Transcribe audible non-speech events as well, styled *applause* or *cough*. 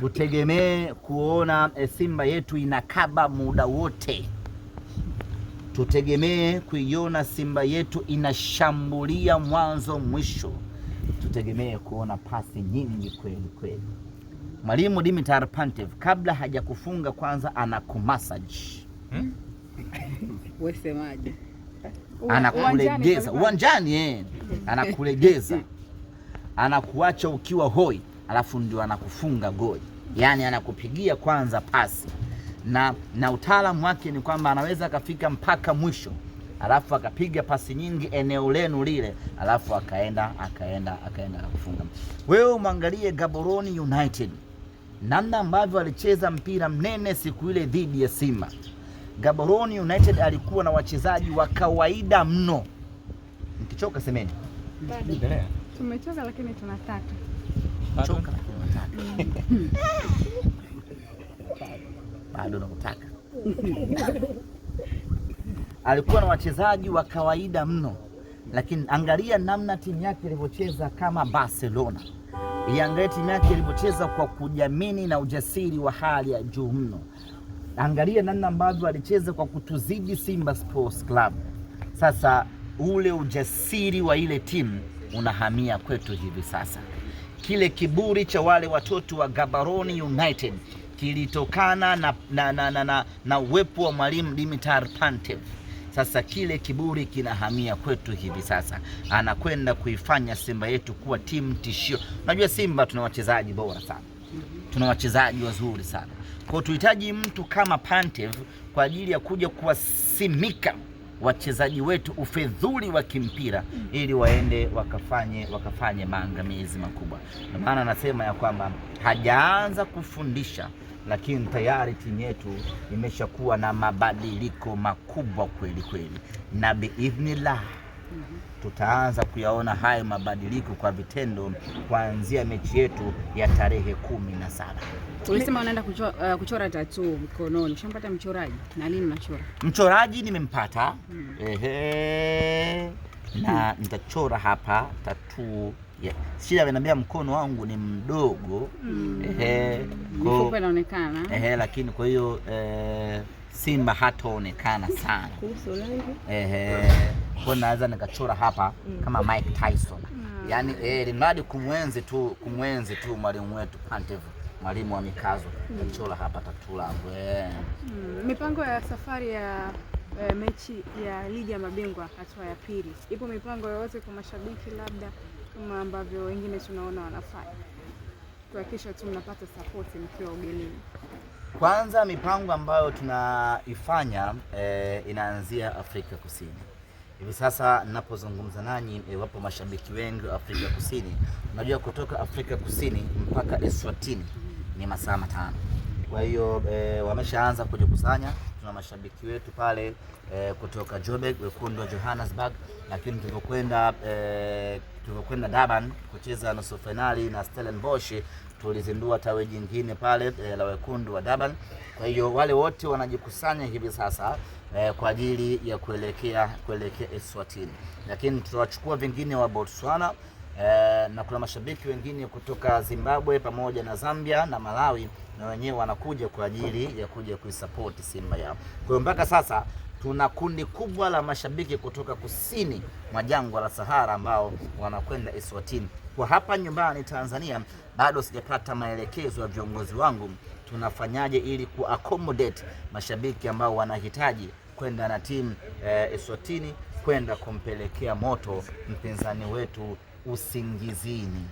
tutegemee kuona eh, Simba yetu inakaba muda wote, tutegemee kuiona Simba yetu inashambulia mwanzo mwisho, tutegemee kuona pasi nyingi kweli kweli. Mwalimu Dimitar Pantev kabla hajakufunga kwanza anakumasaji hmm? *laughs* anakulegeza uwanjani, eh, anakulegeza, *laughs* anakuacha ukiwa hoi alafu ndio anakufunga goli, yaani anakupigia kwanza pasi na, na utaalamu wake ni kwamba anaweza akafika mpaka mwisho alafu akapiga pasi nyingi eneo lenu lile, alafu akaenda akaenda akaenda akafunga. Wewe mwangalie Gaborone United namna ambavyo alicheza mpira mnene siku ile dhidi ya Simba. Gaborone United alikuwa na wachezaji wa kawaida mno. Mkichoka semeni, tumechoka lakini tunataka *laughs* bado nakutaka. *laughs* Alikuwa na wachezaji wa kawaida mno, lakini angalia namna timu yake ilivyocheza kama Barcelona. Iangalia timu yake ilivyocheza kwa kujiamini na ujasiri wa hali ya juu mno. Angalia namna ambavyo alicheza kwa kutuzidi Simba Sports Club. Sasa ule ujasiri wa ile timu unahamia kwetu hivi sasa. Kile kiburi cha wale watoto wa Gabaroni United kilitokana na, na, na, na, na, na uwepo wa mwalimu Dimitar Pantev. Sasa kile kiburi kinahamia kwetu hivi sasa, anakwenda kuifanya Simba yetu kuwa timu tishio. Unajua Simba tuna wachezaji bora sana, tuna wachezaji wazuri sana, kwa tuhitaji mtu kama Pantev kwa ajili ya kuja kuwasimika wachezaji wetu ufedhuli wa kimpira ili waende wakafanye wakafanye maangamizi makubwa. Ndio maana anasema ya kwamba hajaanza kufundisha, lakini tayari timu yetu imeshakuwa na mabadiliko makubwa kweli kweli, na biidhnillah tutaanza kuyaona hayo mabadiliko kwa vitendo kuanzia mechi yetu ya tarehe kumi na saba. Ulisema unaenda eh, kuchora, uh, kuchora tatu mkononi. Ushampata mchoraji na lini unachora? Mchoraji nimempata. hmm. Ehe, na nitachora hapa tatu Yeah. shida, amenambia mkono wangu ni mdogo. mm. Ehe, mifupa inaonekana. Ehe, lakini kwa hiyo eh, Simba hataonekana sana. rangi. Ehe kwa naweza nikachora hapa mm. kama Mike Tyson mm. yani, eh, limradi kumwenzi tu kumwenzi tu mwalimu wetu Pantev, mwalimu wa mikazo Nachora mm. hapa tatula we. Eh. Mipango ya safari ya E, mechi ya ligi ya mabingwa hatua ya pili, ipo mipango yoyote kwa mashabiki, labda kama ambavyo wengine tunaona wanafanya kuhakikisha tu mnapata support mkiwa ugenini? Kwanza mipango ambayo tunaifanya e, inaanzia Afrika Kusini. Hivi sasa ninapozungumza nanyi, wapo mashabiki wengi wa Afrika Kusini. Unajua kutoka Afrika Kusini mpaka Eswatini ni masaa matano. Kwa hiyo e, wameshaanza kujikusanya. Tuna mashabiki wetu pale e, kutoka Joburg, wekundu wa Johannesburg, lakini tulivyokwenda e, tulivyokwenda Durban kucheza nusu fainali na Stellenbosch tulizindua tawi jingine pale e, la wekundu wa Durban. Kwa hiyo wale wote wanajikusanya hivi sasa e, kwa ajili ya kuelekea kuelekea Eswatini, lakini tutawachukua vingine wa Botswana Eh, na kuna mashabiki wengine kutoka Zimbabwe pamoja na Zambia na Malawi na wenyewe wanakuja kwa ajili ya kuja kuisapoti Simba yao. Kwa hiyo mpaka sasa tuna kundi kubwa la mashabiki kutoka kusini mwa jangwa la Sahara ambao wanakwenda Eswatini. Kwa hapa nyumbani Tanzania bado sijapata maelekezo ya viongozi wangu tunafanyaje ili accommodate mashabiki ambao wanahitaji kwenda na timu eh, Eswatini kwenda kumpelekea moto mpinzani wetu o Singhizini.